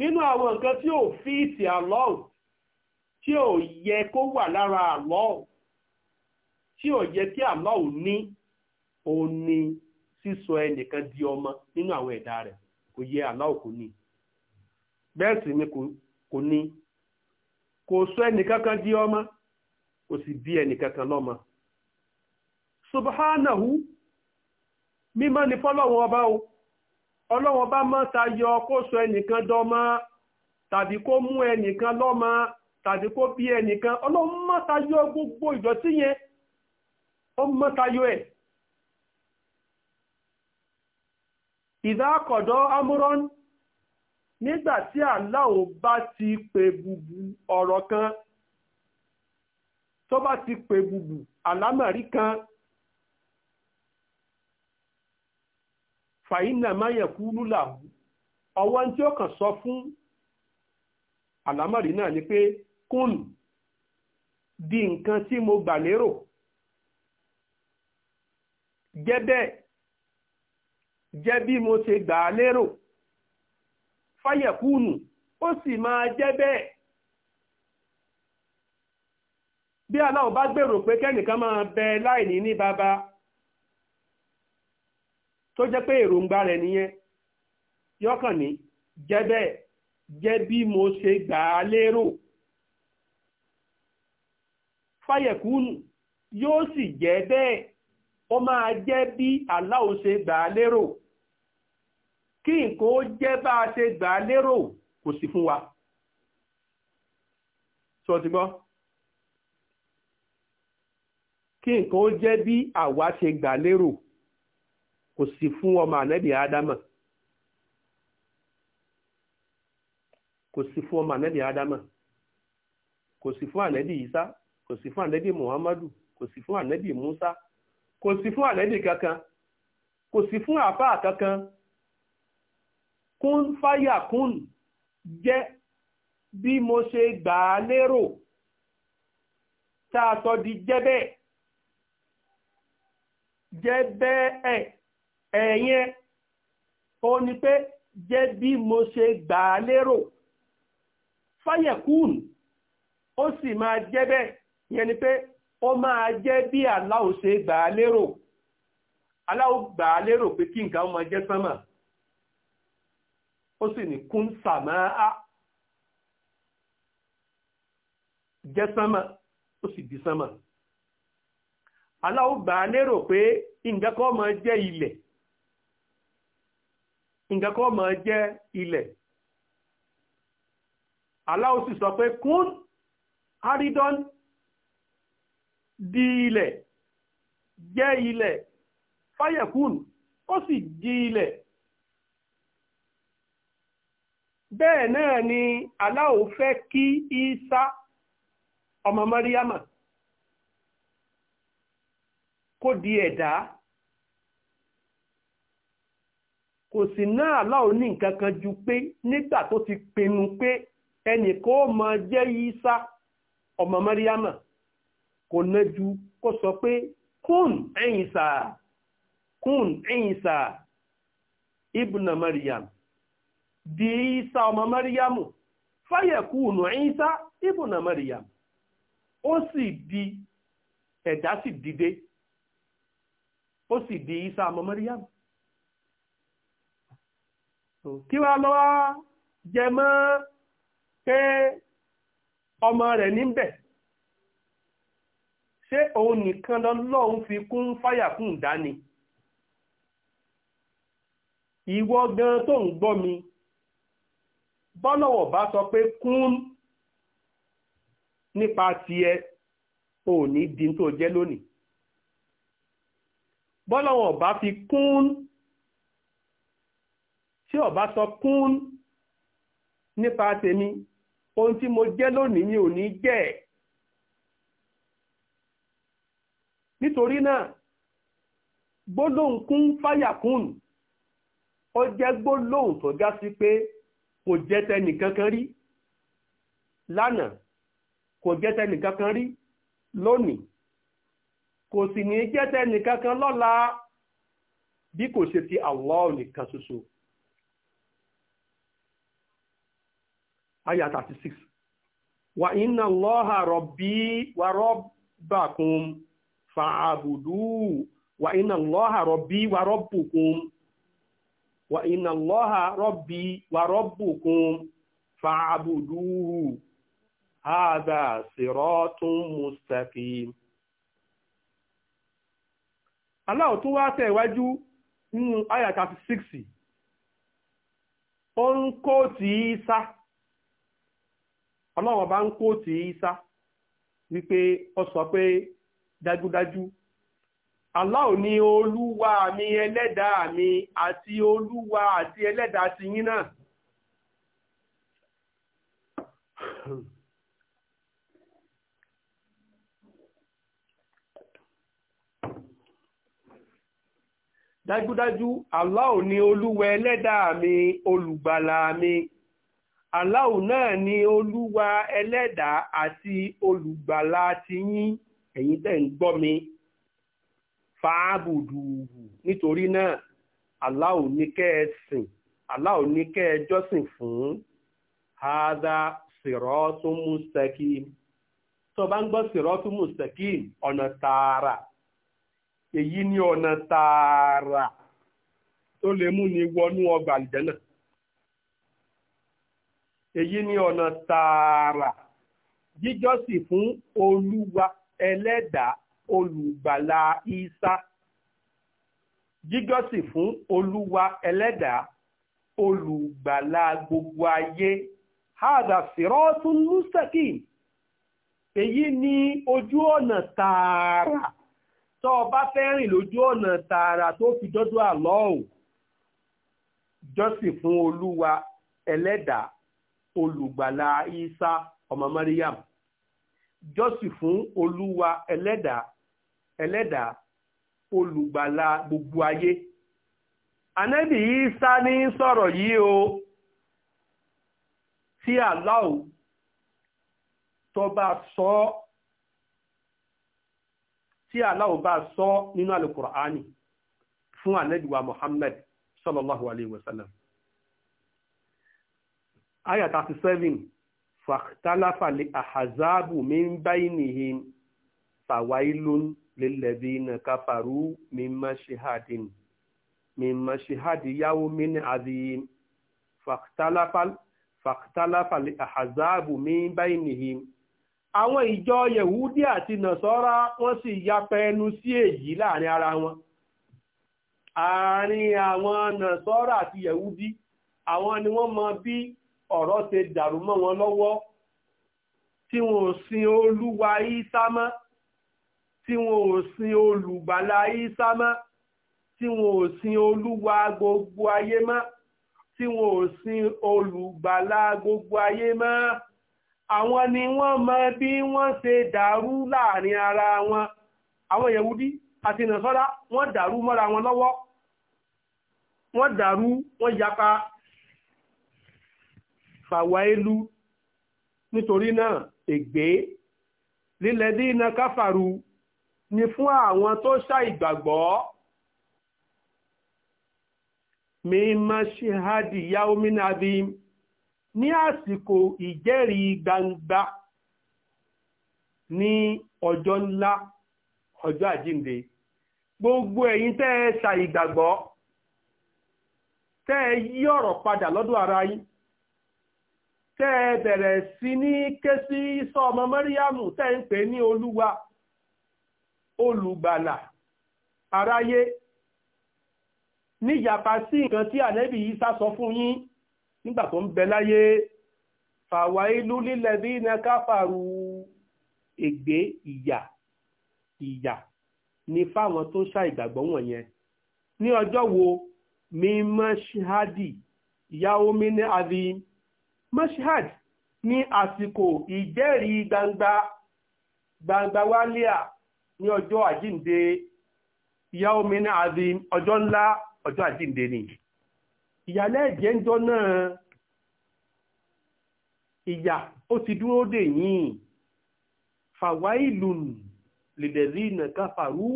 nínú àwọn nǹkan tí ò fíìtì Allah tí ò yẹ kó wà lára Allah tí ò yẹ kí Allah ní òun ni sísọ ẹnìkan di ọmọ nínú àwọn ẹ̀dá rẹ̀ kò yẹ Allah kò ní bẹ́ẹ̀ sì ni kò ní kò sọ ẹnìkankan di ọmọ kò sì bí ẹnìkankan lọ́mọ subhanahu mímọ́ ni fọ́lọ́wọ́n ọba o. ọlọ́wọ́n bá mọ́ ta yọ kó sọ ẹnìkan dọ́mọ́ tàbí kó mú ẹnìkan lọ́mọ tàbí kó bí ẹnìkan ọlọ́wọ́n mọ́ ta yọ gbogbo ìdọ̀tí yẹn ó mọ́ ta yọ ẹ̀. ìdákọ̀dọ̀ amúrán nígbà tí aláwo bá ti pè bùbù ọ̀rọ̀ kan tó bá ti pè bùbù àlámọ̀rí kan fàyínà máyẹ̀kú lúlà ọwọ́ tí ó kàn sọ fún àlámọ̀rí náà ni pé kún di nǹkan tí mo gbà lérò jẹ́ bẹ́ẹ̀ jẹ́ bí mo ṣe gbà á lérò fáyẹ̀kúnù ó sì máa jẹ́ bẹ́ẹ̀ bí aláwọ̀ bá gbèrò pé kẹ́nìkan máa bẹ ní baba tó jẹ́ pé èròǹgbà rẹ̀ nìyẹn yọkàn ní jẹ́ bẹ́ẹ̀ jẹ́ bí mo ṣe gbà á lérò fàyẹ̀kúnù yóò sì jẹ́ bẹ́ẹ̀ ó máa jẹ́ bí aláwo ṣe gbà á lérò kí nǹkan ó jẹ́ bá a ṣe gbà á lérò kò sí fún wa sọ ti gbọ́ kí nǹkan ó jẹ́ bí àwa ṣe gbà lérò kò sí fún ọmọ ànẹ́bì ádámà kò sí fún ọmọ ànẹ́bì ádámà kò sí fún ànẹ́bì isa kò sí fún ànẹ́bì muhammadu kò sí fún ànẹ́bì musa kò sí fún ànẹ́bì kankan kò sí fún àfáà kankan kún fáyà kún jẹ́ bí mo ṣe gbà á lérò tá a sọ di jẹ́ bẹ́ẹ̀ jẹ́ bẹ́ẹ̀ ẹ̀yẹn ó ní pé jẹ́ bí mo ṣe gbà á lérò fáyẹ̀kùn ó sì máa jẹ́ bẹ́ẹ̀ yẹn ni pé ó máa jẹ́ bí ṣe gbà á lérò gbà á lérò pé kí nǹkan máa jẹ́ sánmà ó sì ní kún sàmà á di sánmà Allah gbà á lérò pé nǹkan kan nǹkan kọ́ mọ̀ jẹ́ ilẹ̀ Allah sì sọ pé kún aridon di ilẹ̀ jẹ́ ilẹ̀ fáyẹ̀kún ó sì di ilẹ̀ bẹ́ẹ̀ náà ni Allah fẹ́ kí Isa ọmọ Mariama kó di ẹ̀dá e kò sì náà aláwo ní kan ju pé nígbà tó ti pinnu pé ẹnì kó mọ jẹ́ yísá ọmọ mẹ́ríámà kò ná ju kó sọ pé kún ẹ̀yìn kún ẹ̀yìn di isa ọmọ mẹ́ríámù fáyẹ̀kùnù ẹ̀yìn sá ibùnà mẹ́ríám di ẹ̀dá sì dìde ó di isa ọmọ so kí wá lọ́wọ́ jẹ mọ́ pé ọmọ rẹ̀ níbẹ̀ ṣé òun nìkan lọ́lọ́run fi kún fáyà fún ìdáni ìwọ gan tó ń gbọ́ mi bọ́lọ̀wọ̀ bá sọ pé kún nípa tiẹ̀ ò ní di tó jẹ́ lónìí bọ́lọ̀wọ̀ bá fi kún tí ọba sọ kún nípa tèmi ohun tí mo jẹ́ lónìí mi ò ní jẹ́ nítorí náà gbólóhùn kún fáyà kún ó jẹ́ gbólóhùn tó já sí pé kò jẹ́ tẹnìkankan rí lánàá kò jẹ́ tẹnìkankan rí lónìí kò sì ní jẹ́ tẹnìkankan lọ́la bí kò ṣe ti Allah nìkan ṣoṣo. aya 36 wa inna allaha rabbi wa rabbakum fa'abudu wa inna allaha rabbi wa rabbukum wa inna allaha rabbi wa rabbukum hadha siratun mustaqim Allah tún wá tẹ̀wájú nínú aya 36 ó ń ọlọ́run bá ń kó kóòtì isa wípé ó sọ pé dájúdájú aláwo ni olúwa mi ẹlẹ́dàá mi àti olúwa àti ẹlẹ́dàá ti yín náà dájúdájú aláwo ni olúwa ẹlẹ́dàá mi olùgbàlà mi. aláwo náà ni olúwa ẹlẹ́dàá àti olùgbàlà ti yín ẹ̀yin tẹ̀ ń gbọ́ mi fàábùdùhù nítorí náà aláwo ní kẹ́ ẹ sìn aláwo ní kẹ́ ẹ jọ́sìn fún hádà sirọ́tún mustakim tó bá ń gbọ́ sirọ́tún mustakim ọ̀nà tààrà èyí ní ọ̀nà tààrà tó lè mú ni wọnú ọgbà àlìjẹ́ náà. èyí ni ọ̀nà tààrà jíjọ́sìn fún olúwa ẹlẹ́dàá olùgbàlà isa jíjọ́sìn fún olúwa ẹlẹ́dàá olùgbàlà gbogbo ayé hada siratun mustaqim èyí ni ojú ọ̀nà tààrà tó o bá fẹ́ rìn lójú ọ̀nà tààrà tó fi dọ́dọ̀ àlọ́ ò jọ́sìn fún olúwa ẹlẹ́dàá olùgbàlà isa ọmọ mariam jọ́sìn fún olúwa ẹlẹ́dà ẹlẹ́dà olùgbàlà gbogbo ayé ànábì isa ní sọ̀rọ̀ yìí o tí aláwo tó bá sọ tí aláwo bá sọ nínú alukur'ani fún ànábì wa muhammad sallallahu alayhi wa sallam aya thirty seven fàtàlàfàlẹ àhàzáàbù min bainihim fàwáìlún lilladhina kafaru min mashihadin min mashihadi yawmin adhim fàtàlàfàlẹ àhàzáàbù min bainihim. àwọn ìjọ yehudi àti nàṣọ́ra wọ́n sì yapẹ ẹnu sí èyí láàrin ara wọn àárín àwọn nàṣọ́ra àti yehudi àwọn ni wọ́n mọ bí ọ̀rọ̀ ti dàrú mọ́ wọn lọ́wọ́ tí wọn ò sin olúwa Ìsá mọ́ tí wọn ò sin olùgbàlà Ìsá mọ́ tí wọn ò sin olúwa gbogbo ayé mọ́ tí wọn sin olùgbàlà gbogbo ayé mọ́ àwọn ni wọ́n mọ bí wọ́n ṣe dàrú láàrin ara wọn àwọn Yẹ̀wúdí àti Nàsárà wọ́n dàrú mọ́ra wọn lọ́wọ́ wọ́n dàrú wọ́n yapa fàwáìlú nítorí náà ègbé lílẹ̀dí iná káfàrú ni fún àwọn tó ṣàìgbàgbọ́ mímọ́ ṣíhádì yaomina abim ní àsìkò ìjẹ́rìí gbangba ní ọjọ́ ńlá ọjọ́ àjíǹde gbogbo ẹ̀yin tẹ́ sa ṣàìgbàgbọ́ tẹ́ yí ọ̀rọ̀ padà ara yín tẹ́ ẹ bẹ̀rẹ̀ sí ní ké sí sọ ọmọ mẹ́ríàmù tẹ́ ń pè ní olúwa olùgbàlà aráyé níyàpá sí nǹkan tí ànẹ́bì yìí sá sọ fún yín nígbà tó ń bẹ láyé fàwa ìlú lílẹ̀ bí iná káfàrú ègbé ìyà ìyà ni fáwọn tó ṣá ìgbàgbọ́ wọ̀nyẹn ní ọjọ́ wo mímọ́ ṣáàdì ìyá omi ní avim mashhad ni asiko ìjẹ́rìí gbangba gbangba wálíà ní ọjọ́ àjíǹde yawmin azim ọjọ́ ńlá ọjọ́ àjíǹde ni ìyàlẹ́ ẹ̀jẹ̀ ń jọ náà ìyà ó ti dúró dè yín fàwáìlùn lèdèrí nà káfàrú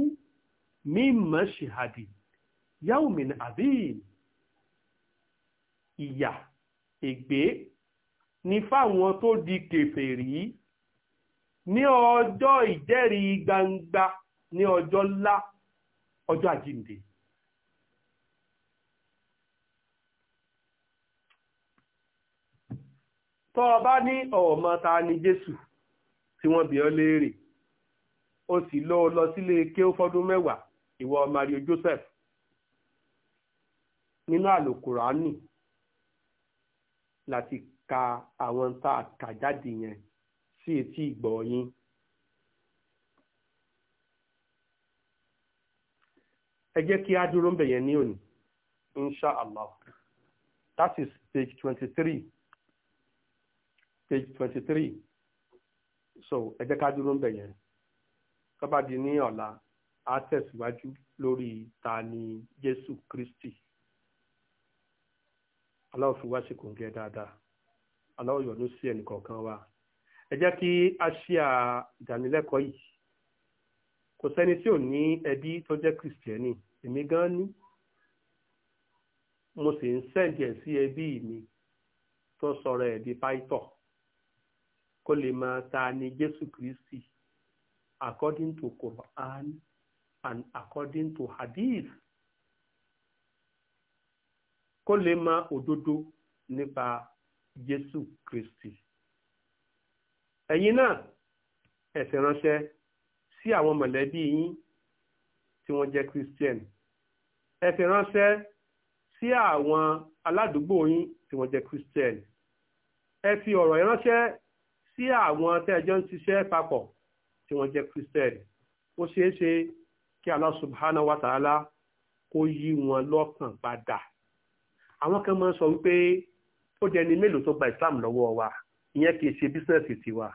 mímọ̀ ṣèhàdì azim ìyà ègbé ni fáwọn tó di kèfèrí ní ọjọ́ ìjẹ́rìí gbangba ní ọjọ́ ńlá ọjọ́ àjíǹde. tọ́ ọ bá ní ọmọ ta ni jésù tí wọ́n bi ọ́ léèrè ó sì lọ lọ sílé ké fọ́dún mẹ́wàá ìwọ mario joseph nínú àlòkùránì láti ka àwọn tá a kà jáde yẹn sí etí ìgbọ́ yín. ẹ jẹ́ kí á dúró ń bẹ̀ ní òní insha allah that is page 23. page 23. so ẹ jẹ́ ká dúró ń bẹ̀ yẹn tó bá di ní ọ̀la á tẹ̀síwájú lórí ta ni jésù kristi aláwọ̀ fi wá sí kòńgẹ́ dáadáa. Allah yọ́nú sí ẹnìkọ̀ọ̀kan wa ẹ jẹ́ kí a ṣe à ìdánilẹ́kọ̀ọ́ yìí kò sẹ́ni tí ò ní ẹbí tó jẹ́ kìrìsìtẹ́nì èmi gan ní mo sì ń sẹ́ǹdì ẹ̀ sí ẹbí mi tó sọ̀rọ̀ ẹ̀ di pàìtọ̀ kó lè máa ta ni Jésù Kristi according to Quran and according to Hadith kó lè máa òdodo nípa Jésù Kristi ẹ̀yin náà ẹ fi ránṣẹ́ sí àwọn mọ̀lẹ́bí yín tí wọ́n jẹ́ Christian ẹ fi ránṣẹ́ sí àwọn aládùúgbò yín tí wọ́n jẹ́ Christian ẹ fi ọ̀rọ̀ yẹn ránṣẹ́ sí àwọn tẹ́ẹ̀jọ́ ń ṣiṣẹ́ papọ̀ tí wọ́n jẹ́ Christian ó ṣeé ṣe kí Allah subhanahu wa ta'ala kó yí wọn lọ́kàn padà àwọn kan máa ń sọ wípé ó jẹ́ ẹni mélòó tó gba islam lọ́wọ́ wa ìyẹn kì í ṣe bísínẹ́sì tiwa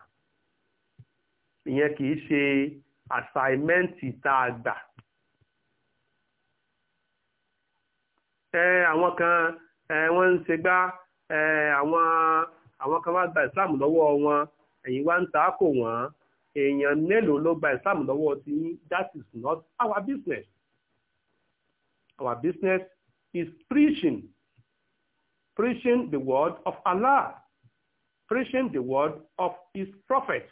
ìyẹn kì í ṣe àṣàìmẹ́ǹtì tá a gbà. ẹ àwọn kan wọn wọ́n ń ṣe gbá àwọn kan wá gba islam lọ́wọ́ wọn ẹ̀yìn wá ń ta kò wọ́n èèyàn mélòó ló gba islam lọ́wọ́ ti yín that is not our business our business is preaching preaching the word of Allah, preaching the word of his prophet,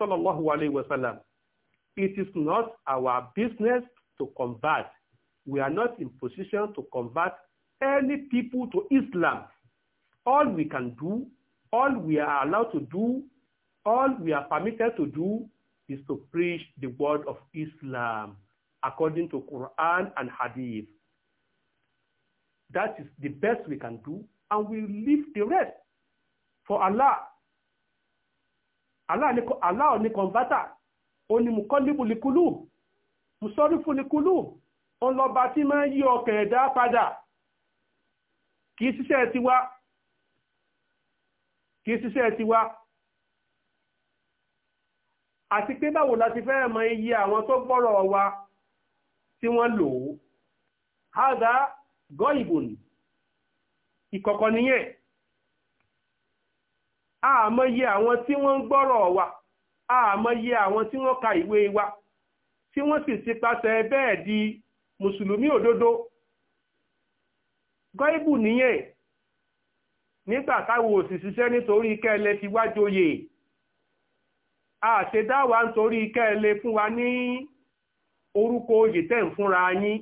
sallallahu alaihi wasallam. It is not our business to convert. We are not in position to convert any people to Islam. All we can do, all we are allowed to do, all we are permitted to do is to preach the word of Islam according to Quran and Hadith. That is the best we can do and we leave the rest for Allah. Allah ni converter, ó ní mukọ́líbù likulu, musọ́rífù likulu, ó lọ́ba tí máa yí ọkàn ẹ̀dá padà. Kìí ṣiṣẹ́ tiwa, kìí ṣiṣẹ́ tiwa. Àti pé báwo la ti fẹ́ mọ iye àwọn tó gbọ́rọ̀ wa tí wọ́n lò ó. Hádà gọ́ ìkọ̀kọ̀ nìyẹn àmọye àwọn tí wọ́n ń gbọ́rọ̀ wa àmọye àwọn tí wọ́n ka ìwé wa tí wọ́n sì ti pàṣẹ bẹ́ẹ̀ di mùsùlùmí òdodo gọ́ìbù nìyẹn nígbà táwọn òsì ṣiṣẹ́ nítorí kẹ́lẹ́ ti wájòyè àṣedáwà nítorí kẹ́lẹ́ fún wa ní orúkọ oyè tẹ́ ń fúnra yín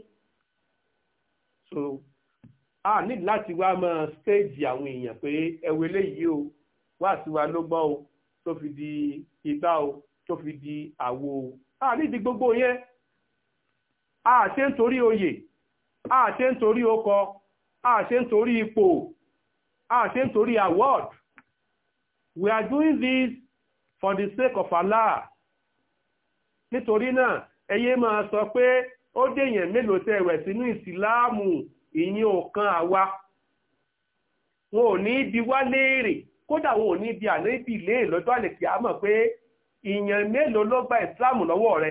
a ní láti wá máa stéèjì àwọn èèyàn pé ẹwọ eléyìí o wá sí wa ló gbọ́ o tó fi di igbá o tó fi di àwo o a nídìí gbogbo yẹn a ṣe ń torí oyè a ṣe ń torí ọkọ a ṣe ń torí ipò a ṣe ń torí award we are doing this for the sake of Allah nítorí náà ẹyẹ máa sọ pé ó dèèyàn mélòó tẹ ẹwẹ sínú ìsìláàmù ìyìn ò kan àwa wọn ò ní ibi wá léèrè kódà wọn ò ní bí ànábì léè lọ́jọ́ àlèkè àmọ̀ pé ìyàn mélòó ló gba ìsìláàmù lọ́wọ́ rẹ.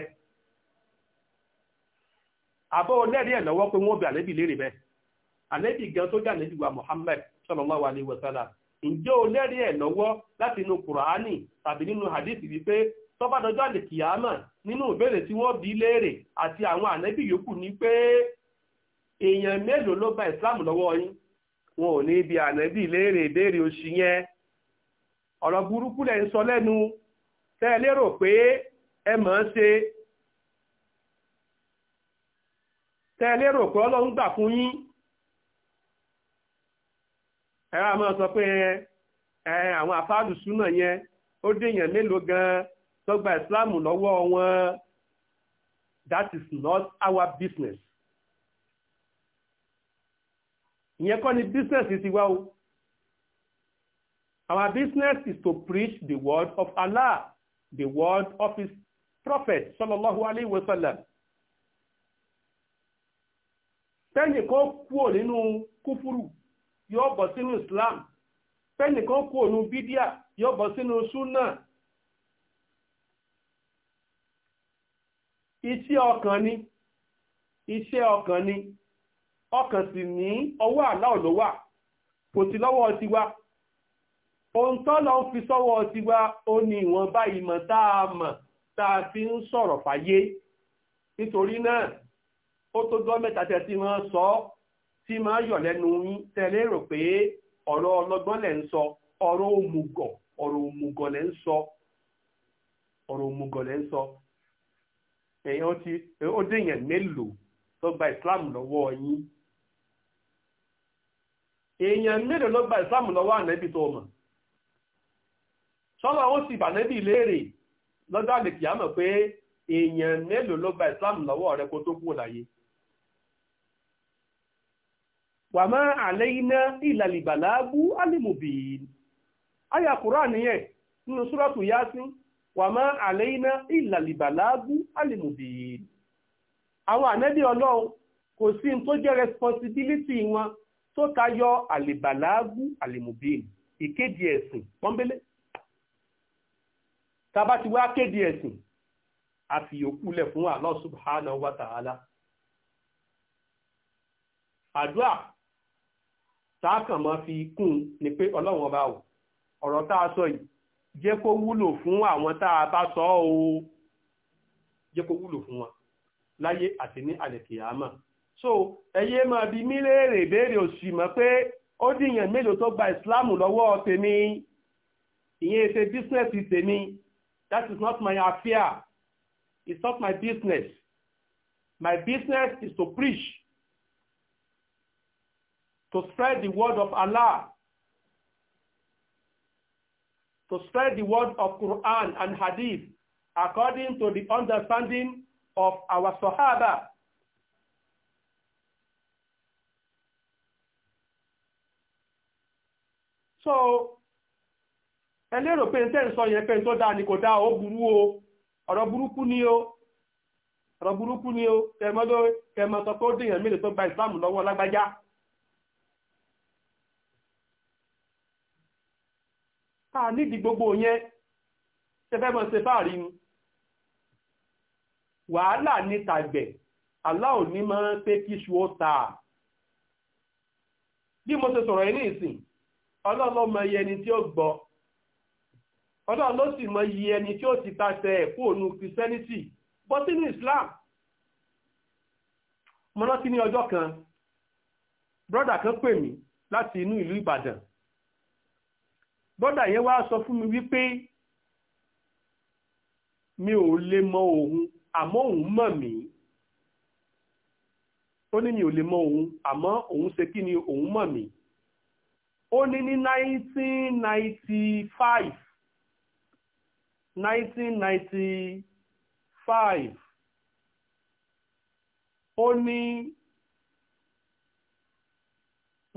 àbọ̀ olẹ́rí ẹ̀ lọ́wọ́ pé wọ́n bí ànábì léèrè bẹ́ẹ̀ ànábì gan tó jẹ́ wa ǹjẹ́ ẹ̀ lọ́wọ́ láti inú Kùránì tàbí nínú nínú ìbéèrè tí wọ́n bí léèrè àti àwọn yòókù ni pé èèyàn mélòó ló bá ìsìláàmù lọ́wọ́ yín wọn ò ní ibi ànábì léèrè ìbéèrè oṣù yẹn ọ̀rọ̀ burúkú lẹ̀ ń sọ lẹ́nu tẹ́ ẹ lérò ṣe tẹ́ ẹ lérò gbà fún yín sọ pé ẹ àwọn àfáàlù súnà yẹn ó mélòó gan tó gba lọ́wọ́ that is not our business. ìyẹn kọ́ ni business ti wá o our business is to preach the word of Allah the word of his prophet sallallahu alayhi wa sallam tẹ́nì kan kúò nínú kúfúrù yóò bọ̀ sínú Islam tẹ́nì kan kúò nínú bídíà yóò bọ̀ sínú súnà iṣẹ́ ọkàn ni iṣẹ́ ọkàn ni ọkàn sì ní ọwọ́ àláò ló wà kò sí lọ́wọ́ tiwa ohun tó lọ ń fi sọ́wọ́ tiwa ó ní ìwọ̀nba ìmọ̀ tá a mọ̀ tá a fi ń sọ̀rọ̀ fàyé nítorí náà ó tó gbọ́ mẹ́ta tẹ́ tí wọ́n sọ tí máa yọ̀ lẹ́nu yín tẹ́lẹ̀ rò pé ọ̀rọ̀ ọlọ́gbọ́n lẹ̀ ń sọ ọ̀rọ̀ òmùgọ̀ ọ̀rọ̀ òmùgọ̀ lẹ̀ ń sọ ọ̀rọ̀ òmùgọ̀ lẹ̀ ń sọ èèyàn ti ó dèèyàn mélòó tó gba ìsìláàmù lọ́wọ́ yín èèyàn mélòó ló gba ìsìlámù lọ́wọ́ ànẹ́bì tó mọ̀ sọ́lọ́ ó sì bànẹ́bì léèrè lọ́jọ́ àlèkì mọ̀ pé èèyàn mélòó ló gba lọ́wọ́ rẹ kó tó kú láyé wà má ayà nínú súrọ́tù wà má àwọn ànẹ́bì ọlọ́run kò sí tó jẹ́ responsibility wọn tó tayọ àlèbàlágù àlèmùbíìn ìkéde ẹ̀sìn pọ́nbélé tába ti wá kéde ẹ̀sìn àfìyókù lẹ̀ fún Allah subhanahu wa ta'ala àdúrà táàkàn máa fi kún ni pé ọlọ́run ọba ò ọ̀rọ̀ tá a sọ yìí jẹ́ kó wúlò fún àwọn tá a bá sọ ọ́ o jẹ́ kó wúlò fún wa láyé àti ní àlẹ̀kìyàmà so ẹyẹ máa bi mí léèrè béèrè òsì mọ́ pé ó dìyàn mélòó tó gba ìsìláàmù lọ́wọ́ tèmi ìyẹn ṣe bísínẹ́sì tèmi that is not my affair it's not my business my business is to preach to spread the word of Allah to spread the word of Quran and Hadith according to the understanding of our Sahaba. so ẹ pé tẹ́ sọ yẹn pé tó dáa ni kò dáa ó burú o ọ̀rọ̀ burúkú ni o ọ̀rọ̀ burúkú ni o kẹmọ́dọ́ kẹmọ́ pé ó tó gba lọ́wọ́ gbogbo yẹn tẹfẹ́ mọ́ ṣe fáàrí ni wàhálà ní tàgbẹ̀ aláò ní máa ń pé kí ó ta bí mo ṣe sọ̀rọ̀ ní ìsìn ọlọ́run ló ẹni tí ó gbọ́ ọlọ́run ló sì mọ iye ẹni tí ó ti tasẹ̀ ẹ̀kú ònu christianity bọ́ sínú islam mo ní ọjọ́ kan brọ́dà kan pè mí láti inú ìlú ìbàdàn brọ́dà yẹn wá sọ fún mi wípé mi ò lè mọ òun àmọ́ òun mọ̀ mí ó ní mi ò lè mọ òun àmọ́ òun ṣe kí ni òun mọ̀ mí. ó ní ní 1995 1995 ó ní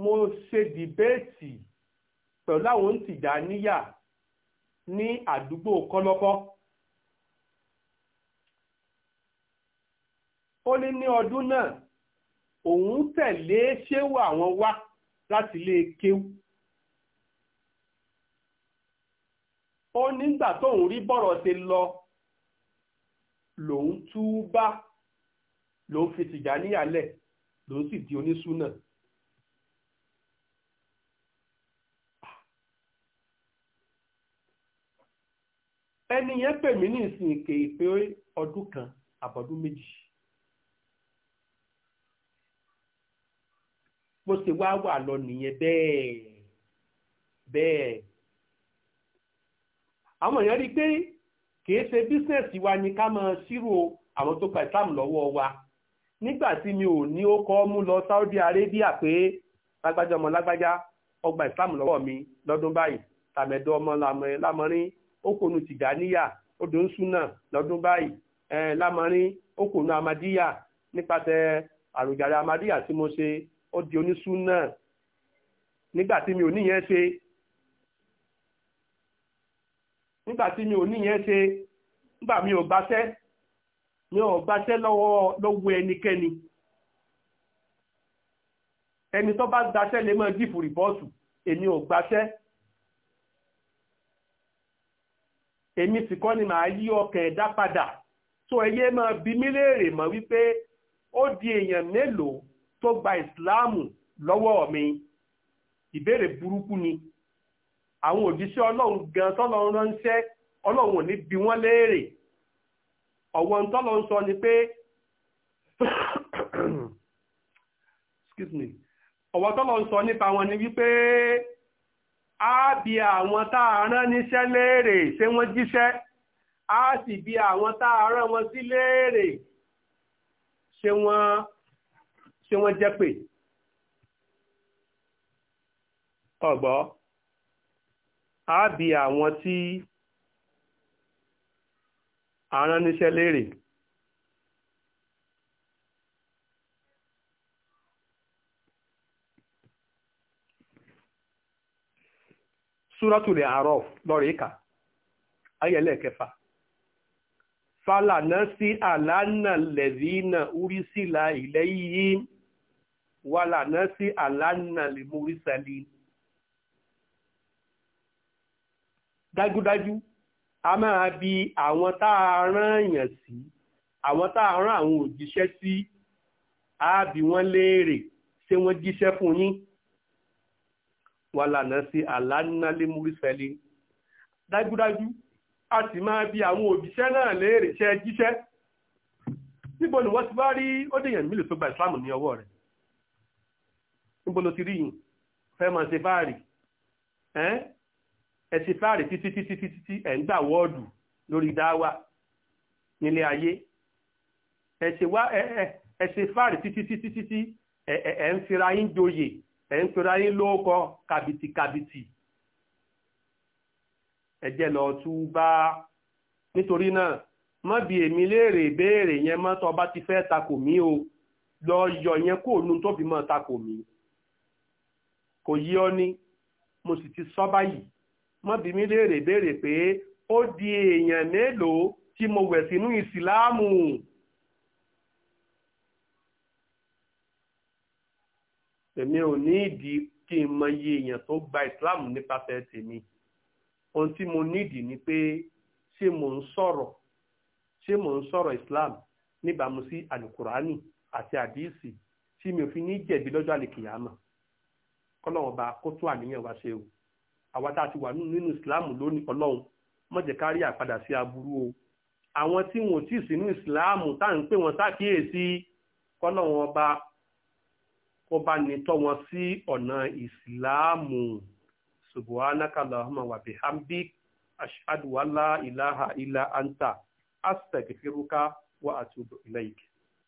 mo ṣe dìbéètì pẹ̀lú àwọn tìjàníyà ní àdúgbò kọ́lọ́kọ́ ó ní ní ọdún náà òun tẹ̀lé ṣéwà àwọn wákì láti ilé kéwú ó nígbà tóun rí bọ́rọ̀ ṣe lọ lòun túbá lòun fi tìjà níyàlẹ̀ lòun sì di onísúnà. ẹni yẹn pè mí ní ìsìn ìkè ọdún kan àbọ̀dún méjì bó ṣe wá wà lọ nìyẹn bẹ́ẹ̀ bẹ́ẹ̀. àwọn èèyàn rí i pé kìí ṣe bísínẹ́sì wa ni ká máa ṣírò àwọn tó pa Islam lọ́wọ́ wa nígbà tí mi ò ní ó kọ́ mú lọ Saudi Arabia pé lágbájá ọmọ lágbájá ọgbà Islam lọ́wọ́ mi lọ́dún báyìí tàmẹ̀dọ́ ọmọ lámọrin odò ń súnà lọ́dún báyìí lámọrin amadíyà nípasẹ̀ àròjàre amadíyà tí mo ṣe ó di onísúnà nígbà tí mi ò níyẹn ṣe nígbà tí mi ò níyẹn ṣe nígbà mi ò gbaṣẹ́ mi ò gbaṣẹ́ lọ́wọ́ lọ́wọ́ ẹnikẹ́ni ẹni tó bá gbaṣẹ́ lè máa dìbò rìpọ́ọ̀tù èmi ò gbaṣẹ́ èmi sì kọ́ ni màá yí ọkàn ẹ̀dá padà tó ẹyẹ máa bi mí léèrè mọ́ wípé ó di èèyàn mélòó tó gba ìsìláàmù lọ́wọ́ mi ìbéèrè burúkú ni àwọn òjíṣẹ́ ọlọ́run gan tọ́lọ́run ránṣẹ́ ọlọ́run ò ní bi wọ́n léèrè ọ̀wọ́n tọ́lọ́run sọ ni pé excuse me ọ̀wọ́n tọ́lọ́run sọ nípa wọn ni wípé á bi àwọn tá a rán níṣẹ́ léèrè ṣé wọ́n jíṣẹ́ á sì bi àwọn tá a rán wọn sí léèrè ṣé wọ́n ṣé wọ́n jẹ́ pé ọ̀gbọ́ á bi àwọn tí àrán níṣẹ́ léèrè súrọ́tùlẹ̀ àárọ̀ lọ́rẹ̀ ìkà ayẹ̀lẹ̀ kẹfà fàlànà sí àlànà lẹ̀zínà orí sílà ilẹ̀ yìí wàlà náà sí àlànàlè mórísàlì dájúdájú a máa bi àwọn tá a rán èèyàn sí àwọn tá a rán àwọn òjíṣẹ́ sí a bi wọ́n léèrè ṣé wọ́n jíṣẹ́ fún yín wàlà náà sí àlànàlè mórísàlì dájúdájú a sì máa bi àwọn òjíṣẹ́ náà léèrè ṣé jíṣẹ́ níbo ni wọ́n ti bá rí ó dèèyàn mílò tó gba ìsìláàmù ní ọwọ́ rẹ̀ níbo ló ti rí yìí fẹ́ máa ṣe fáàrì ẹ ṣe fáàrì títí títí títí ẹ̀ ń gbà wọ́ọ̀dù lórí dáwà nílé ayé ẹ ṣe wá ẹ ṣe fáàrì títí títí títí ẹ̀ ń fira yín joyè ẹ̀ ń fira yín lóókọ kàbìtìkàbìtì ẹ jẹ́ lọ túbá nítorí náà mọ́ bí èmi léèrè béèrè yẹn mọ́ tó bá ti fẹ́ takò mí o lọ yọ yẹn kó nu tó fi mọ́ takò mí kò yí ọ ní mo sì ti sọ báyìí mo bi mí léèrè béèrè pé ó di èèyàn mélòó tí mo wẹ̀ sínú ìsìláàmù. èmi ò ní ìdí kí n mọ iye èèyàn tó gba ìsìláàmù nípasẹ̀ tèmi ohun tí mo nídìí ni pé ṣé mò ń sọ̀rọ̀ ṣé mò ń sọ̀rọ̀ islam níbàámu sí alukurani àti àdìsí tí mi ò fi ní jẹ̀bi lọ́jọ́ àlèkìyàmọ̀ kọ́lọ́wọ́n bá kó tó àníyàn wá ṣe o àwa tá a ti wà nínú ìsìláàmù lónìí ọlọ́run má jẹ́ ká rí àpadà sí aburú o àwọn tí wọn ò tí ì sínú ìsìláàmù tá à ń pè wọn sákìyèsí kọ́lọ́wọ́n bá kó bá ní tọ́ wọn sí ọ̀nà ìsìláàmù subhanaka allahumma wa bihamdik ilaha illa anta firuka wa atubu lake